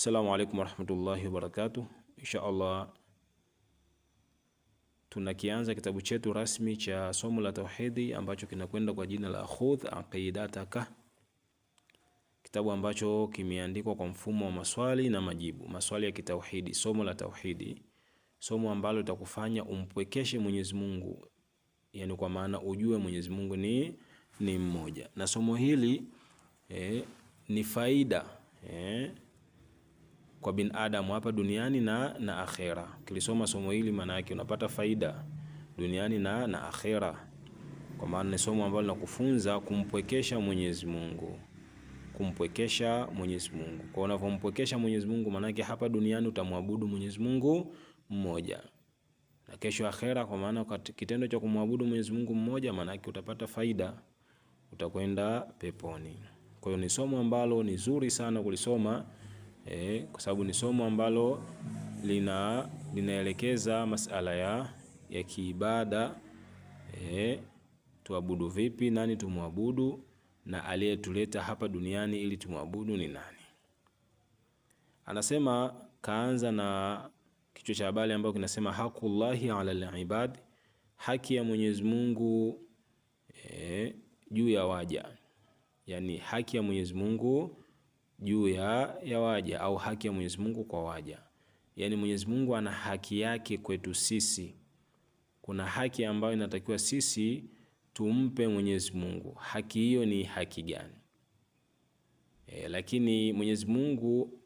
Assalamu alaikum warahmatullahi wabarakatuh. Insha Allah tunakianza kitabu chetu rasmi cha somo la tauhidi ambacho kinakwenda kwa jina la Khudh Aqidataka, kitabu ambacho kimeandikwa kwa mfumo wa maswali na majibu, maswali ya kitauhidi, somo la tauhidi, somo ambalo litakufanya umpwekeshe Mwenyezi Mungu, yani kwa maana ujue Mwenyezi Mungu ni, ni mmoja, na somo hili eh, ni faida eh, kwa binadamu hapa duniani na, na akhera. Ukilisoma somo hili maana yake unapata faida duniani na, na akhera, kwa maana ni somo ambalo linakufunza kumpwekesha Mwenyezi Mungu, kumpwekesha Mwenyezi Mungu. Kwa unavyompwekesha Mwenyezi Mungu, maana yake hapa duniani utamwabudu Mwenyezi Mungu mmoja na kesho akhera, kwa maana kitendo cha kumwabudu Mwenyezi Mungu mmoja, maana yake utapata faida, utakwenda peponi. Kwa hiyo ni somo ambalo ni zuri sana kulisoma e, kwa sababu ni somo ambalo lina linaelekeza masala ya, ya kiibada e, tuabudu vipi, nani tumwabudu, na aliyetuleta hapa duniani ili tumwabudu ni nani. Anasema kaanza na kichwa cha habari ambayo kinasema hakullahi ala alibad, haki ya Mwenyezi Mungu e, juu ya waja, yani haki ya Mwenyezi Mungu juu ya, ya waja au haki ya Mwenyezi Mungu kwa waja. Yaani Mwenyezi Mungu ana haki yake kwetu sisi. Kuna haki ambayo inatakiwa sisi tumpe Mwenyezi Mungu. Haki hiyo ni haki gani? E, lakini Mwenyezi Mungu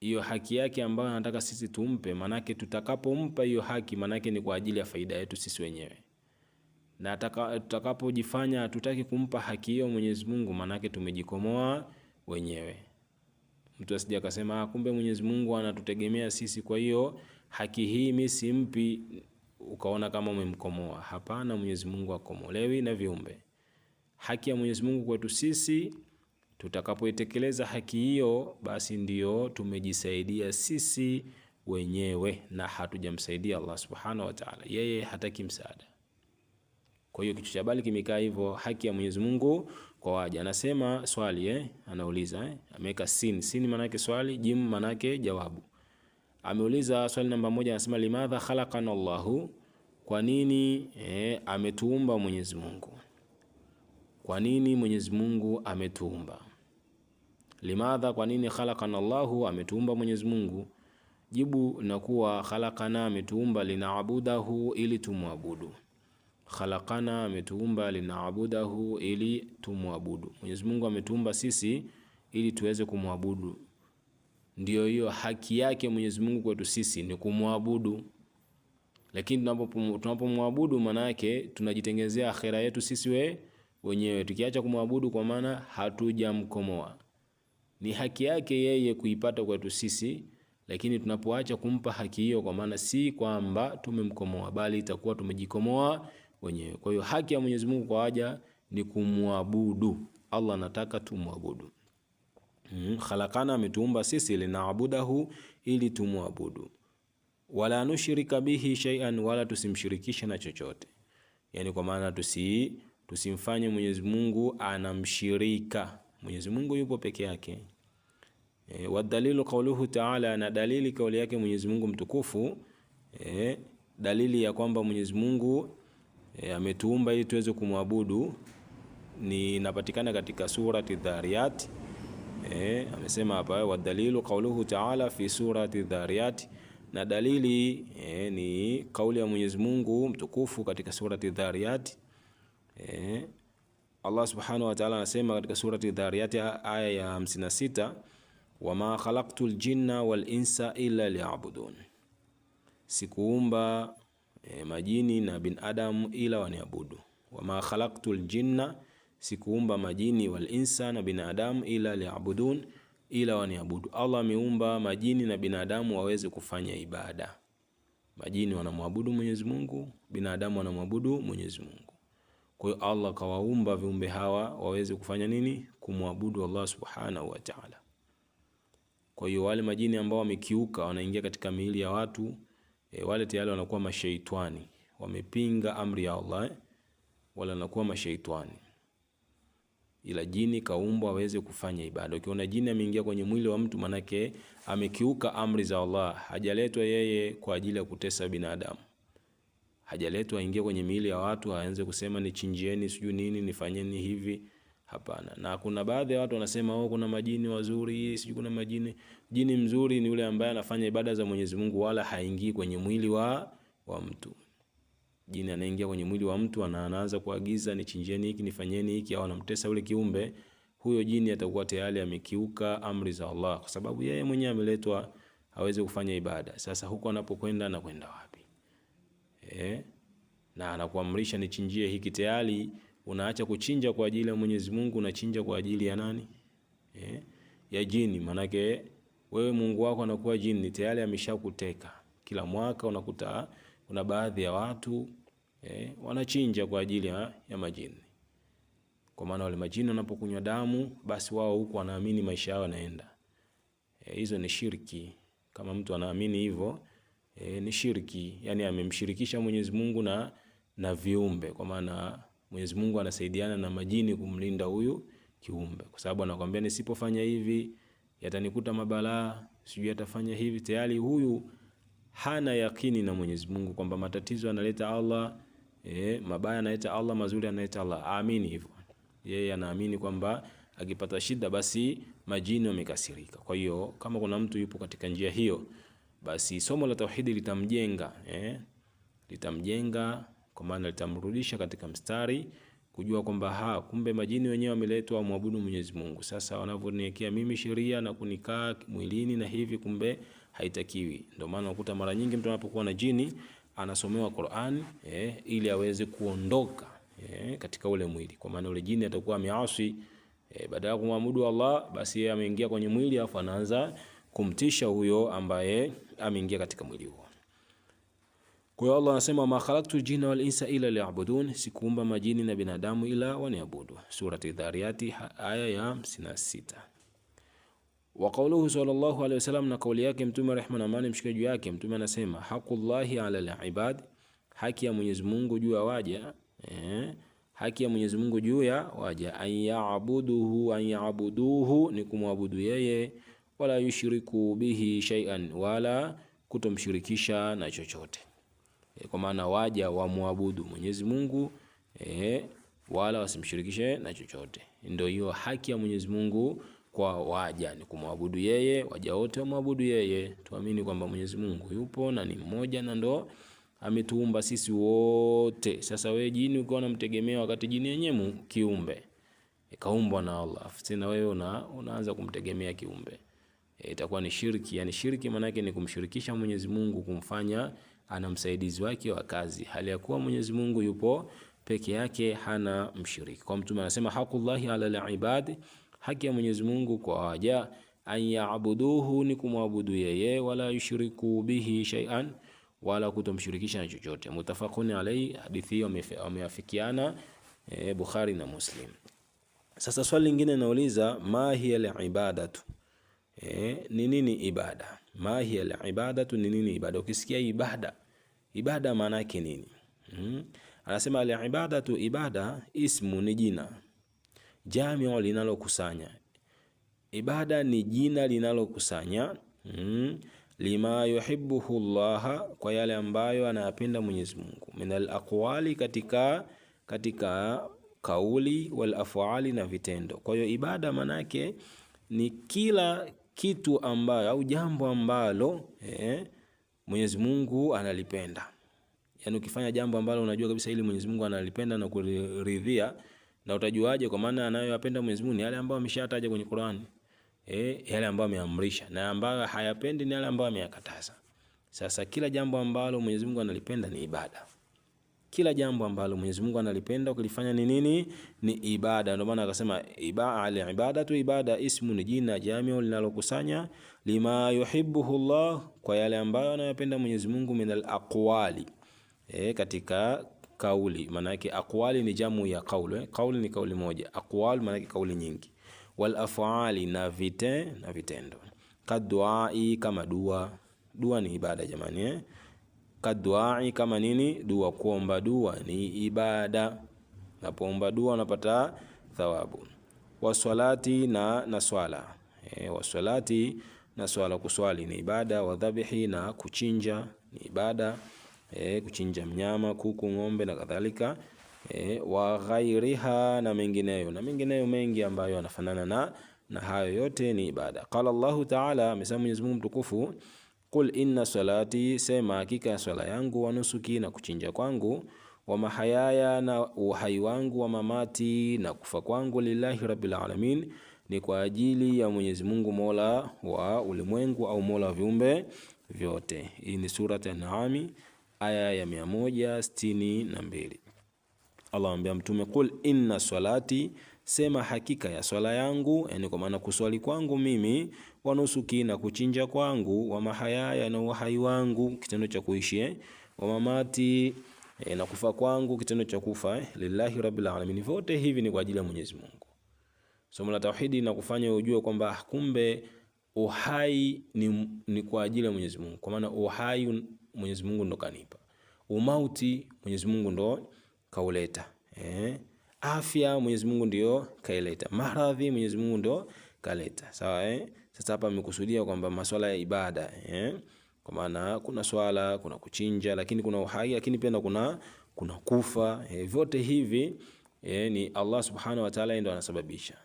hiyo haki yake ambayo anataka sisi tumpe, manake tutakapompa hiyo haki, manake ni kwa ajili ya faida yetu sisi wenyewe, na tutakapojifanya hatutaki kumpa haki hiyo Mwenyezi Mungu, manake tumejikomoa wenyewe mtu asije akasema ah, kumbe Mwenyezi Mungu anatutegemea sisi, kwa hiyo haki hii mimi simpi, ukaona kama umemkomoa. Hapana, Mwenyezi Mungu akomolewi na viumbe. Haki ya Mwenyezi Mungu kwetu sisi, tutakapoitekeleza haki hiyo, basi ndiyo tumejisaidia sisi wenyewe na hatujamsaidia Allah subhanahu wa ta'ala. Yeye hataki msaada. Kwa hiyo kichwa cha habari kimekaa hivyo, haki ya Mwenyezi Mungu kwa waja. Anasema swali eh, anauliza eh, ameweka sin sin, maana yake swali, jim maana yake jawabu. Ameuliza swali namba moja, anasema limadha khalaqana Allahu, kwa nini eh, ametuumba Mwenyezi Mungu? Kwa nini Mwenyezi Mungu ametuumba? Limadha, kwa nini khalaqana Allahu, ametuumba Mwenyezi Mungu? Jibu linakuwa khalaqana, ametuumba linaabudahu, ili tumwabudu khalaqana, ametuumba linaabudahu, ili tumwabudu. Mwenyezi Mungu ametuumba sisi ili tuweze kumwabudu. Ndiyo hiyo haki yake Mwenyezi Mungu kwetu sisi ni kumwabudu, lakini tunapomwabudu maana yake tunajitengenezea akhera yetu sisi we wenyewe, tukiacha kumwabudu, kwa maana hatujamkomoa. Ni haki yake yeye kuipata kwetu sisi lakini tunapoacha kumpa haki hiyo, kwa maana si kwamba tumemkomoa, bali itakuwa tumejikomoa wenyewe. Kwa hiyo haki ya Mwenyezi Mungu kwa waja ni kumwabudu Allah, anataka tumwabudu. Mm, khalaqana, ametuumba sisi linaabudahu, ili tumwabudu. Wala nushrika bihi shay'an, wala tusimshirikishe na chochote, yani kwa maana tusi tusimfanye Mwenyezi Mungu anamshirika. Mwenyezi Mungu yupo peke yake. E, wa dalilu qauluhu ta'ala, na dalili kauli yake Mwenyezi Mungu mtukufu e, dalili ya kwamba Mwenyezi Mungu e, ametuumba ili tuweze kumwabudu ni inapatikana katika surati Dhariyat. E, amesema hapa dalilu qauluhu taala fi surati Dhariyat, na dalili e, ni kauli ya Mwenyezi Mungu mtukufu katika surati Dhariyat. E, Allah subhanahu wa ta'ala anasema katika surati Dhariyat aya ya 56 wama khalaqtul jinna wal insa illa liya'budun, sikuumba e, majini na binadamu ila waniabudu. Wama khalaqtu jinna, sikuumba majini wal insa na binadamu ila liabudun, ila waniabudu. Allah ameumba majini na binadamu waweze kufanya ibada. Majini wanamwabudu Mwenyezi Mungu, binadamu wanamwabudu Mwenyezi Mungu. Kwa hiyo Allah kawaumba viumbe hawa waweze kufanya nini? Kumwabudu Allah subhanahu wa ta'ala. Kwa hiyo wale majini ambao wamekiuka wanaingia katika miili ya watu e, wale tayari wanakuwa masheitani wamepinga amri ya Allah, eh? wala wanakuwa masheitani Ila jini kaumbwa aweze kufanya ibada. Ukiona jini ameingia kwenye mwili wa mtu, manake amekiuka amri za Allah. Hajaletwa yeye kwa ajili ya kutesa binadamu, hajaletwa aingie kwenye miili ya watu aanze kusema nichinjieni, sijui nini, nifanyeni hivi Hapana. Na kuna baadhi ya watu wanasema oh, kuna majini wazuri, sijui kuna majini. Jini mzuri ni yule ambaye anafanya ibada za Mwenyezi Mungu wala haingii kwenye mwili wa, wa mtu. Jini anaingia kwenye mwili wa mtu, ana, anaanza kuagiza nichinjeni hiki, nifanyeni hiki, au anamtesa yule kiumbe. Huyo jini atakuwa tayari amekiuka amri za Allah, kwa sababu yeye mwenyewe ameletwa hawezi kufanya ibada. Sasa huko anapokwenda anakwenda wapi? Eh, na anakuamrisha nichinjie hiki tayari unaacha kuchinja kwa ajili ya Mwenyezi Mungu, unachinja kwa ajili ya nani? Eh, ya jini. Manake wewe Mungu wako anakuwa jini tayari ameshakuteka. Kila mwaka unakuta kuna baadhi ya watu eh, wanachinja kwa ajili ya, ya majini, kwa maana wale majini wanapokunywa damu, basi wao huko wanaamini maisha yao yanaenda. Eh, hizo ni shirki. Kama mtu anaamini hivyo eh, ni shirki, yani amemshirikisha Mwenyezi Mungu na, na viumbe kwa maana Mwenyezi Mungu anasaidiana na majini kumlinda huyu kiumbe, kwa sababu anakuambia nisipofanya hivi yatanikuta mabalaa, sijui atafanya hivi. Tayari huyu hana yakini na Mwenyezi Mungu kwamba matatizo analeta Allah, eh, mabaya analeta Allah, mazuri analeta Allah. Aamini hivyo. Yeye anaamini kwamba akipata shida basi majini wamekasirika. Kwa hiyo kama kuna mtu yupo katika njia hiyo, basi somo la tauhidi litamjenga eh, litamjenga kwa maana litamrudisha katika mstari kujua kwamba ha, kumbe majini wenyewe wameletwa muabudu Mwenyezi Mungu. Sasa wanavyoniwekea mimi sheria na kunikaa mwilini na hivi, kumbe haitakiwi. Ndio maana unakuta mara nyingi mtu anapokuwa na jini anasomewa Qur'an eh, ili aweze kuondoka eh, katika ule mwili, kwa maana ule jini atakuwa ameasi eh, baada ya kumwabudu Allah, basi yeye ameingia kwenye mwili afu anaanza kumtisha huyo ambaye ameingia katika mwili huo. Kwa hiyo Allah anasema ma khalaqtu jinna wal insa illa liya'budun, sikuumba majini na binadamu ila waniabudu. Surati Dhariyati aya ya 56. Wa qawluhu sallallahu alayhi wasallam, na kauli yake Mtume rehma na amani mshike juu yake Mtume anasema haqullahi ala al-ibad, haki ya Mwenyezi Mungu juu ya waja eh, haki ya Mwenyezi Mungu juu ya waja ayabuduhu, ayabuduhu ni kumwabudu yeye, wala yushiriku bihi shay'an, wala kutomshirikisha na chochote e, kwa maana waja wamwabudu Mwenyezi Mungu e, wala wasimshirikishe na chochote. Ndio hiyo haki ya Mwenyezi Mungu kwa waja ni kumwabudu yeye, waja wote wamwabudu yeye. Tuamini kwamba Mwenyezi Mungu yupo na ni mmoja na ndo ametuumba sisi wote. Sasa wewe jini ukiwa unamtegemea wakati jini yenyewe kiumbe ikaumbwa e, na Allah, tena wewe una, unaanza kumtegemea kiumbe e, itakuwa ni shirki. Yani shirki maana yake ni kumshirikisha Mwenyezi Mungu, kumfanya ana msaidizi wake wa kazi, hali ya kuwa Mwenyezi Mungu yupo peke yake, hana mshiriki. Kwa Mtume anasema haqullahi ala alibad, haki ya Mwenyezi Mungu kwa waja, an yaabuduhu, ni kumwabudu yeye, wala yushiriku bihi shay'an, wala kutomshirikisha na chochote. Mutafaquni alayhi, hadithi hiyo wameafikiana e, Bukhari na Muslim. Sasa swali lingine nauliza, ma hiya alibadatu, e, ni nini ibada? ma hiya alibadatu ni nini ibada? Ukisikia ibada, ibada maana yake nini? Hmm. Anasema alibadatu, ibada ismu ni jina jamiu linalokusanya. Ibada ni jina linalokusanya hmm. lima yuhibbuhu Allah, kwa yale ambayo anayapenda Mwenyezi Mungu, min alaqwali, katika katika kauli wal af'ali, na vitendo. Kwa hiyo ibada maana yake ni kila kitu ambayo au jambo ambalo eh, Mwenyezi Mungu analipenda. Yaani ukifanya jambo ambalo unajua kabisa ili Mwenyezi Mungu analipenda na kuridhia, na utajuaje? Kwa maana anayoyapenda Mwenyezi Mungu ni yale ambayo ameshataja kwenye Qur'ani. Eh, yale ambayo ameamrisha na ambayo hayapendi ni yale ambayo ameyakataza. Sasa kila jambo ambalo Mwenyezi Mungu analipenda ni ibada. Kila jambo ambalo Mwenyezi Mungu analipenda ukilifanya ni nini? Ni ibada. Ndio maana akasema iba al tu ibada, ismu ni jina jamii linalokusanya lima yuhibbuhu Allah, kwa yale ambayo anayapenda Mwenyezi Mungu, min al e, katika kauli. Maana yake aqwali ni jamu ya kaulu eh? Kauli ni kauli moja, aqwal maana yake kauli nyingi, wal af'ali na vite na vitendo, kaduai kama dua. Dua ni ibada jamani, eh kaduai, kama nini dua, kuomba dua ni ibada. Napoomba dua unapata thawabu. waswalati na na swala e, waswalati na swala, kuswali ni ibada. Wadhabihi na kuchinja ni ibada e, kuchinja mnyama, kuku, ng'ombe na kadhalika e, wa ghairiha na mengineyo na mengineyo mengi ambayo yanafanana na na hayo yote ni ibada. Qala Allahu taala, amesema Mwenyezi Mungu mtukufu Qul inna salati, sema hakika ya swala yangu, wa nusuki, na kuchinja kwangu, wa mahayaya, na uhai wangu, wa mamati, na kufa kwangu, lillahi rabbil alamin, ni kwa ajili ya Mwenyezi Mungu mola wa ulimwengu au mola wa viumbe vyote. Hii ni sura ya naam aya ya 162. Allah amwambia Mtume, qul inna salati, sema hakika ya swala yangu, yani kwa maana kuswali kwangu mimi kwa nusu kina kuchinja kwangu, wa mahayaya na uhai wangu, kitendo cha kuishi eh, wa mamati eh, na kufa kwangu, kitendo cha kufa eh, lillahi rabbil alamin. Vyote hivi ni kwa ajili ya Mwenyezi Mungu. Somo la tauhidi na kufanya ujue kwamba kumbe uhai ni, ni kwa ajili ya Mwenyezi Mungu, kwa maana uhai Mwenyezi Mungu ndo kanipa, umauti Mwenyezi Mungu ndo kauleta eh? Afya Mwenyezi Mungu ndio kaileta, maradhi Mwenyezi Mungu ndo kaleta, sawa eh? Sasa hapa amekusudia kwamba masuala ya ibada eh? Kwa maana kuna swala, kuna kuchinja, lakini kuna uhai, lakini pia kuna kuna kufa eh, vyote hivi eh, ni Allah subhanahu wa ta'ala ndio anasababisha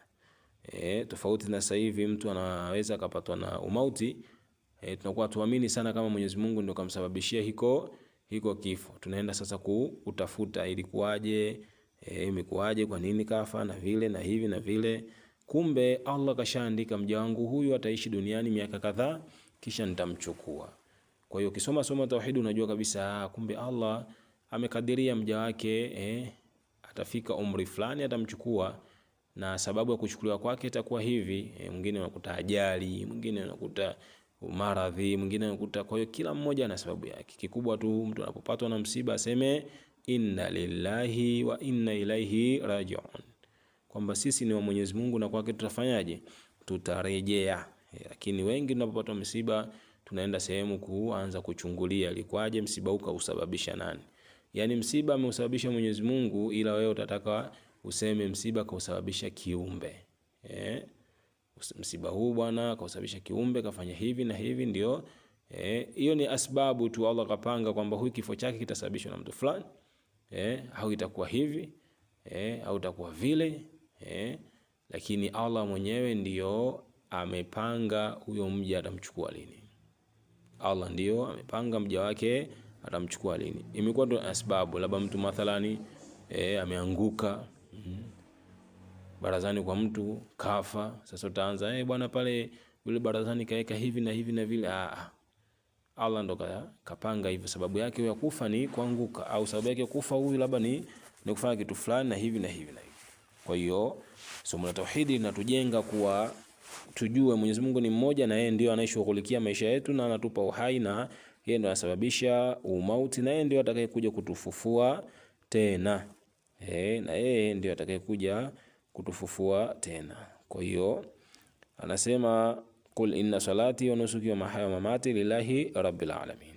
eh, tofauti na sasa hivi mtu anaweza akapatwa na umauti eh, tunakuwa tuamini sana kama Mwenyezi Mungu ndio kamsababishia hiko hiko kifo. Tunaenda sasa kutafuta ilikuwaje, eh? imekuwaje, eh, kwa nini kafa na vile na hivi na vile Kumbe Allah kashaandika mja wangu huyu ataishi duniani miaka kadhaa, kisha nitamchukua. Kwa hiyo ukisoma soma tauhidi unajua kabisa, ah, kumbe Allah amekadiria mja wake eh, atafika umri fulani atamchukua, na sababu ya kuchukuliwa kwake itakuwa hivi eh, mwingine anakuta ajali, mwingine anakuta maradhi, mwingine anakuta. Kwa hiyo kila mmoja ana sababu yake. Kikubwa tu mtu anapopatwa na msiba aseme inna lillahi wa inna ilaihi rajiun kwamba sisi ni wa Mwenyezi Mungu na kwake tutafanyaje? Tutarejea. Eh, lakini wengi tunapopata msiba tunaenda sehemu kuanza kuchungulia ilikuwaje, msiba huu kausababisha nani? Yani msiba ameusababisha Mwenyezi Mungu, ila wewe utataka useme msiba kausababisha kiumbe eh? Msiba huu bwana kausababisha kiumbe kafanya hivi na hivi, ndio eh, hiyo Ni asbabu tu Allah kapanga kwamba huyu kifo chake kitasababishwa na mtu fulani eh? Au itakuwa hivi eh? Au itakuwa vile eh, lakini Allah mwenyewe ndiyo amepanga huyo mja atamchukua lini. Allah ndiyo amepanga mja wake atamchukua lini. Imekuwa ndo sababu labda mtu mathalani eh, ameanguka mm, barazani kwa mtu kafa. Sasa utaanza eh, bwana pale yule barazani kaweka hivi na hivi na vile. Ah, ah. Allah ndo kapanga hivyo. Sababu yake ya kufa ni kuanguka, au sababu yake kufa huyu labda ni ni kufanya kitu fulani na hivi na hivi na hivi. Kwa hiyo somo la tauhidi linatujenga kuwa tujue Mwenyezi Mungu ni mmoja na yeye ndio anayeshughulikia maisha yetu na anatupa uhai na yeye ndio anasababisha umauti na yeye ndio atakayekuja kutufufua tena. E, na yeye ndio atakayekuja kutufufua tena. Kwa hiyo anasema kul inna salati wa nusuki wa mahaya wa mamati lillahi rabbil alamin.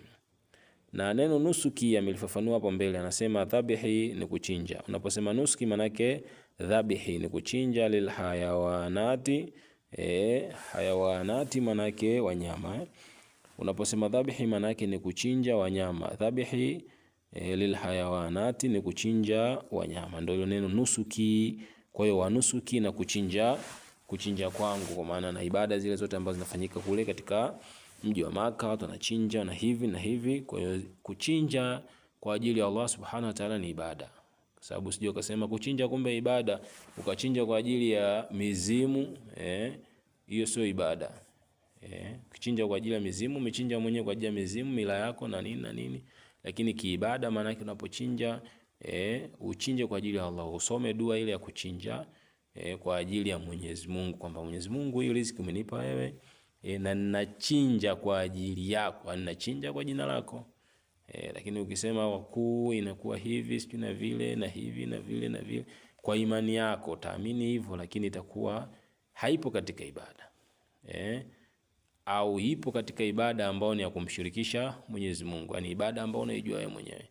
Na neno nusuki amelifafanua hapo mbele, anasema dhabihi ni kuchinja. Unaposema nusuki, manake dhabihi ni kuchinja, lil hayawanati eh, hayawanati manake wanyama eh. Unaposema dhabihi, manake ni kuchinja wanyama. Dhabihi eh, lil hayawanati ni kuchinja wanyama, ndio neno nusuki. Kwa hiyo wanusuki na kuchinja, kuchinja kwangu, kwa maana na ibada zile zote ambazo zinafanyika kule katika mji wa Maka, watu wanachinja na hivi na hivi. Kwa hiyo kuchinja kwa ajili ya Allah subhanahu wa ta'ala ni ibada, kwa sababu sije ukasema kuchinja kumbe ibada, ukachinja kwa ajili ya mizimu eh, hiyo sio ibada eh. Kuchinja kwa ajili ya mizimu, umechinja mwenyewe kwa ajili ya mizimu, mila yako na nini na nini, lakini kiibada maana yake unapochinja eh, uchinje kwa ajili ya Allah, usome dua ile ya kuchinja eh, kwa ajili ya Mwenyezi Mungu kwamba Mwenyezi Mungu, hii riziki umenipa wewe eh, e, na ninachinja kwa ajili yako, yaani ninachinja kwa jina lako e, lakini ukisema wakuu inakuwa hivi sijui na vile na hivi na vile na vile, kwa imani yako utaamini hivyo, lakini itakuwa haipo katika ibada e, au ipo katika ibada ambayo ni ya kumshirikisha Mwenyezi Mungu, yani ibada ambayo unaijua wewe mwenyewe,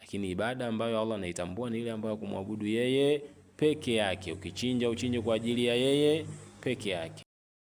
lakini ibada ambayo Allah anaitambua ni ile ambayo ya kumwabudu yeye peke yake. Ukichinja uchinje kwa ajili ya yeye peke yake.